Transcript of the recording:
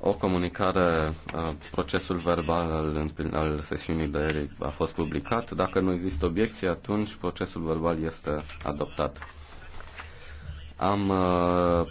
O comunicare procesul verbal al, al sesiunii de ieri a fost publicat. Dacă nu există obiecții, atunci procesul verbal este adoptat. Am